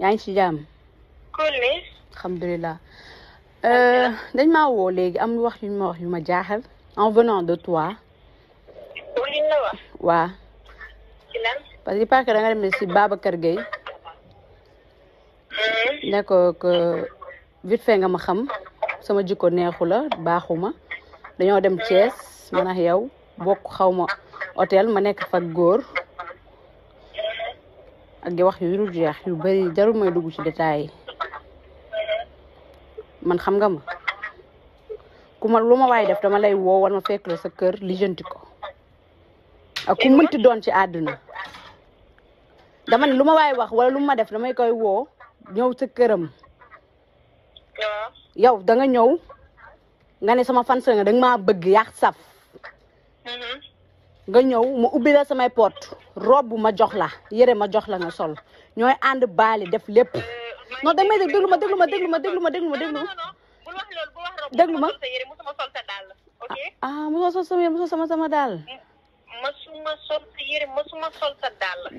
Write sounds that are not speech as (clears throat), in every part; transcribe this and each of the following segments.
yaa ngi ci jàmm. cool alhamdulilah. Euh, dañ ma woo léegi am wax yu ma wax yu ma jaaxal en venant de toi. wala parce que parce que da nga demee si Babacar Gueye. Hmm. ne ko nga ma xam sama jikko neexu la baaxuma dañoo dem Thiès man ak yow bokk xaw ma hôtel ma nekk fa góor. ak di wax yu dul jeex yu bari jarul may dugg ci détails yi man xam nga ma kuma ma lu ma waay def dama lay woo war ma fekk la sa kër lijjanti ko ak mënti doon ci àddina dama ne lu ma waay wax wala lu ma def damay koy woo ñëw sa këram yow danga ñëw nga ne sama fan sa nga da maa bëgg yaax saf mm-hmm. nga ñëw ma ubbi la samay porte robe ma jox la yére ma jox la nga sol ñooy ànd baali def lépp non damay dégg déglu ma déglu ma déglu ma déglu ma déglu ma déglu ah, sama sama sama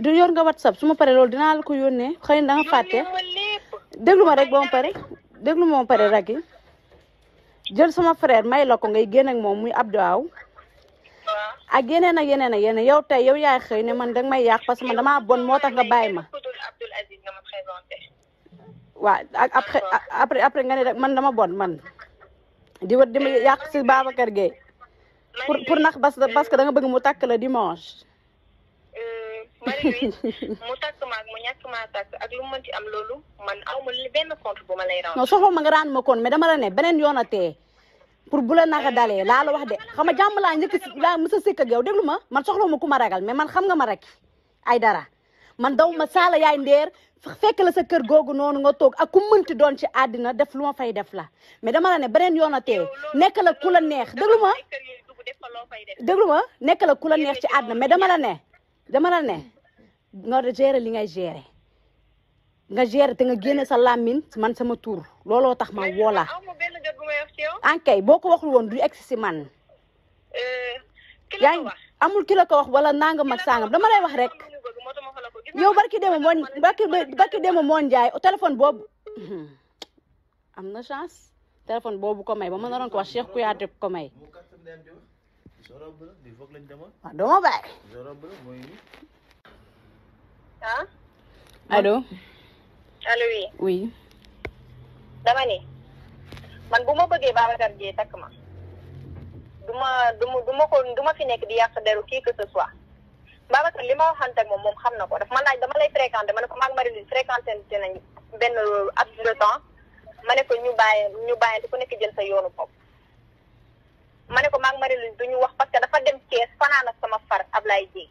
du yor nga whatsapp su ma paree loolu dinaa la ko yónnee xëy na da ma rek ba pare déglu ma ma jël sama frère may la ko ngay génn ak moom muy Abdou Aw ak yeneen ak yeneen ak yeneen yow tey yow yaay xëy ne man danga may yàq parce que man damaa bon moo tax nga bàyyi ma. waaw ak après après après nga ne rek man dama bon man di wër di ma yàq si Babacar Gueye pour pour ndax parce que da nga bëgg mu takk la dimanche. Euh, mu takk maag mu ñàkk maa takk ak lu mu mënti am loolu man aw ma benn compte bu ma lay raw. non soxla ma nga raan ma kon mais dama la ne beneen yoon a tee. pour bula la naka laa la wax de xam nga jàmm laa njëkk laa mës a sëkk ma man soxla ma ku ma ragal mais man xam nga ma rek ay dara man daw ma saala yaay ndeer fekk la sa kër googu noonu nga toog ak ku mënti doon ci àddina def lu ma fay def la mais dama la ne beneen yoon a tee nekk la ku la neex déglu ma déglu ma nekk la ku la ci àddina mais dama la ne dama la ne nga gérer li ngay gérer nga gérer te nga génne sa làmmiñ man sama tur looloo tax ma woola ma wax ankay boo ko waxul woon du egg si man. Euh, yaa ngi amul ki la ko wax wala nangam ak sangam dama lay wax rek. yow barki demo moo barki demo moo njaay téléphone boobu. (clears throat) am na chance téléphone boobu ko may ba ma naroon ko wax Cheikh Kouyaté ko may. waaw doo man bu ma bëggee Babacar Dieye takk ma du ma du ma du ma ko du ma fi nekk di yàq deru kii que ce soit Babacar li ma waxante ak moom moom xam na ko daf ma laaj dama lay fréquenté ma ne ko maag Marie-Louise fréquenté nañu benn at de temps ma ne ko ñu bàyyi ñu bàyyante ku nekk jël sa yoonu bopp. ma ne ko maag Marie-Louise du ñu wax parce que dafa dem Thiès fanaan ak sama far Ablaye Dieye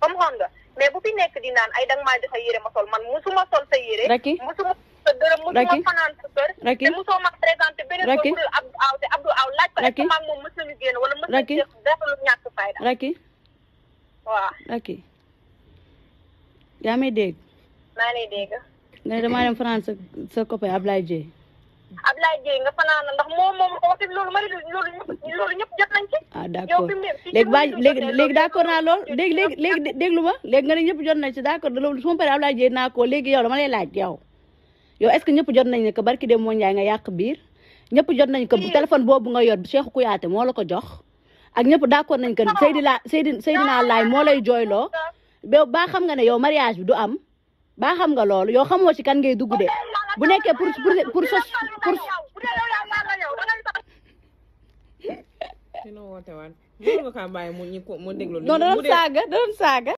comme xam nga mais bu fi nekk di naan ay danga maa joxe yére ma sol man musuma sol sa yére musuma sa dërëm mosuma fanaan sa kër te mosoo ma présenté beneen góor Abdou Aw te Abdou Aw laaj ko est-ce que maag moom mës nañu génn wala mës nañu def dafa lu ñàkk fayda Racky waaw Racky yaa may dégg maa lay dégg nga ne damaa dem fanaan sa sa copain Ablaye Dieye Ablaye Dieye nga fanaan ndax moom moom ko waxee loolu mari loolu loolu ñëpp jot nañ ci ah d'accord léegi ba léegi léegi d'accord lool léegi léegi léegi déglu ma léegi nga ne ñëpp jot nañ ci d'accord loolu su ma paree Ablaye Dieye naa ko léegi yow dama lay laaj yow yow est-ce que ñëpp jot nañ ne que barki dem moo njaay nga yàq biir ñëpp jot nañ que téléphone boobu nga yor Cheikh Kouyaté moo la ko jox ak ñëpp d'accord nañ que Seydi la Seydi Seydina Laay moo lay jooyloo yow baa xam nga ne yow mariage bi du am baa xam nga loolu yoo xamoo ci kan ngay dugg de bu nekkee pour pour pour sos pour non da doon saaga da doon saaga